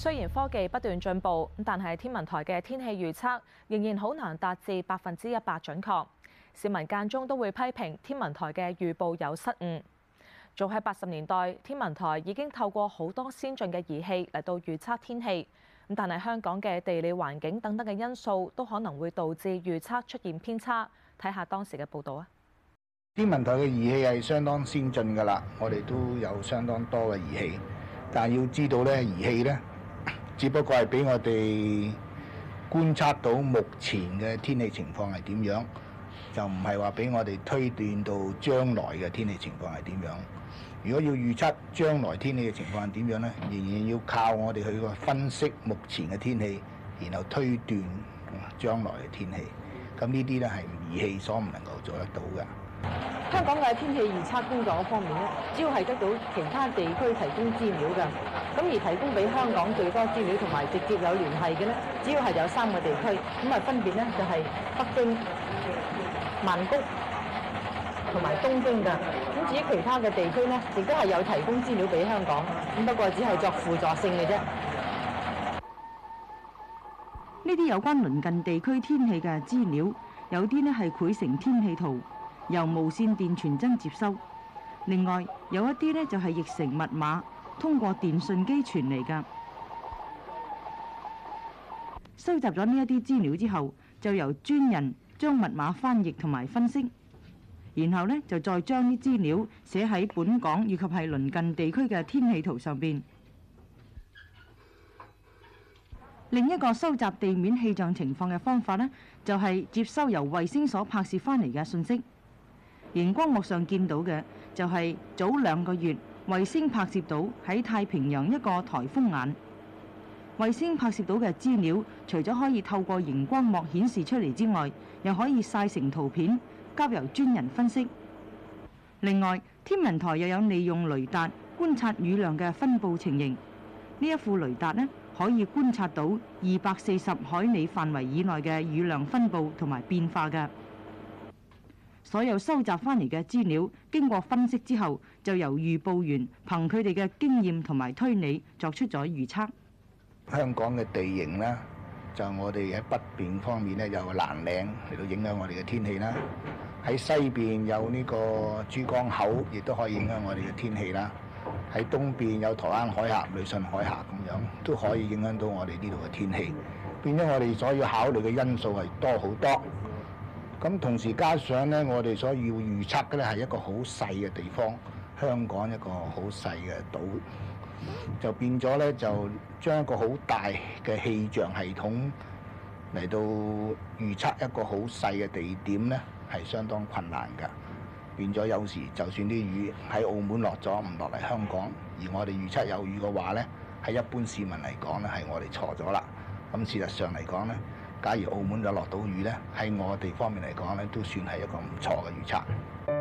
雖然科技不斷進步，但係天文台嘅天氣預測仍然好難達至百分之一百準確。市民間中都會批評天文台嘅預報有失誤。早喺八十年代，天文台已經透過好多先進嘅儀器嚟到預測天氣，但係香港嘅地理環境等等嘅因素都可能會導致預測出現偏差。睇下當時嘅報導啊！天文台嘅儀器係相當先進㗎啦，我哋都有相當多嘅儀器，但要知道呢，儀器呢，只不過係俾我哋觀察到目前嘅天氣情況係點樣，就唔係話俾我哋推斷到將來嘅天氣情況係點樣。如果要預測將來天氣嘅情況係點樣呢？仍然要靠我哋去分析目前嘅天氣，然後推斷將來嘅天氣。咁呢啲呢係儀器所唔能夠做得到嘅。香港嘅天氣預測工作嗰方面咧，只要係得到其他地區提供資料嘅，咁而提供俾香港最多資料同埋直接有聯繫嘅咧，只要係有三個地區，咁啊分別咧就係北京、曼谷同埋東京嘅。咁至於其他嘅地區咧，亦都係有提供資料俾香港，咁不過只係作輔助性嘅啫。呢啲有關鄰近地區天氣嘅資料，有啲咧係繪成天氣圖。由無線電傳真接收，另外有一啲呢就係譯成密碼，通過電信機傳嚟㗎。收集咗呢一啲資料之後，就由專人將密碼翻譯同埋分析，然後呢就再將啲資料寫喺本港以及係鄰近地區嘅天氣圖上邊。另一個收集地面氣象情況嘅方法呢，就係接收由衛星所拍攝翻嚟嘅信息。熒光幕上見到嘅就係早兩個月衛星拍攝到喺太平洋一個颱風眼。衛星拍攝到嘅資料，除咗可以透過熒光幕顯示出嚟之外，又可以曬成圖片交由專人分析。另外，天文台又有利用雷達觀察雨量嘅分佈情形。呢一副雷達呢，可以觀察到二百四十海里範圍以內嘅雨量分佈同埋變化嘅。所有收集翻嚟嘅資料，經過分析之後，就由預報員憑佢哋嘅經驗同埋推理作出咗預測。香港嘅地形咧，就我哋喺北邊方面咧有個南嶺嚟到影響我哋嘅天氣啦。喺西邊有呢個珠江口，亦都可以影響我哋嘅天氣啦。喺東邊有台灣海峽、呂宋海峽咁樣，都可以影響到我哋呢度嘅天氣，變咗我哋所要考慮嘅因素係多好多。咁同時加上咧，我哋所要預測嘅咧係一個好細嘅地方，香港一個好細嘅島，就變咗咧就將一個好大嘅氣象系統嚟到預測一個好細嘅地點咧，係相當困難㗎。變咗有時就算啲雨喺澳門落咗唔落嚟香港，而我哋預測有雨嘅話咧，喺一般市民嚟講咧係我哋錯咗啦。咁事實上嚟講咧。假如澳門有落到雨呢，喺我哋方面嚟講呢，都算係一個唔錯嘅預測。